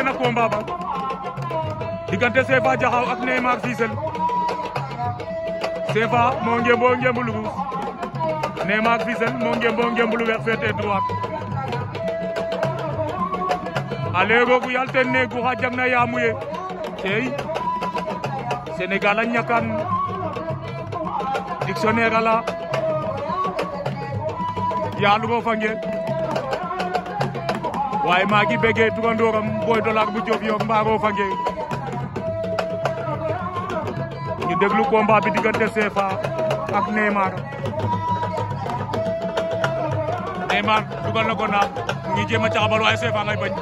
annulé na combat ba diggante Sefa Jaxaw ak Neymar Fisel Sefa moo ngemboo ngembu lu ruus Neymar Fisel moo ngemboo ngembu lu weex féete droite ale roogu yal ten ne guxa jag na yaamu ye tey Sénégal a ñakan ala yaal roofa waaye maa ngi bëggee turandooram booy dollar bu Diop yor mbaaroo fange ñu déglu combat bi diggante CFA ak Neymar Neymar dugal na ko naam ngi jéem a caxabal waaye CFA ngay bañ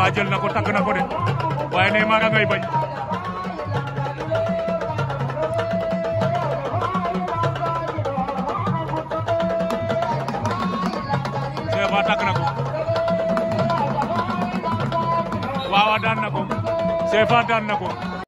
Tapha jël na ko takk na ko de waaye Neymar a ngay bañ Tapha takk na ko waawa daan na ko Tapha daan na ko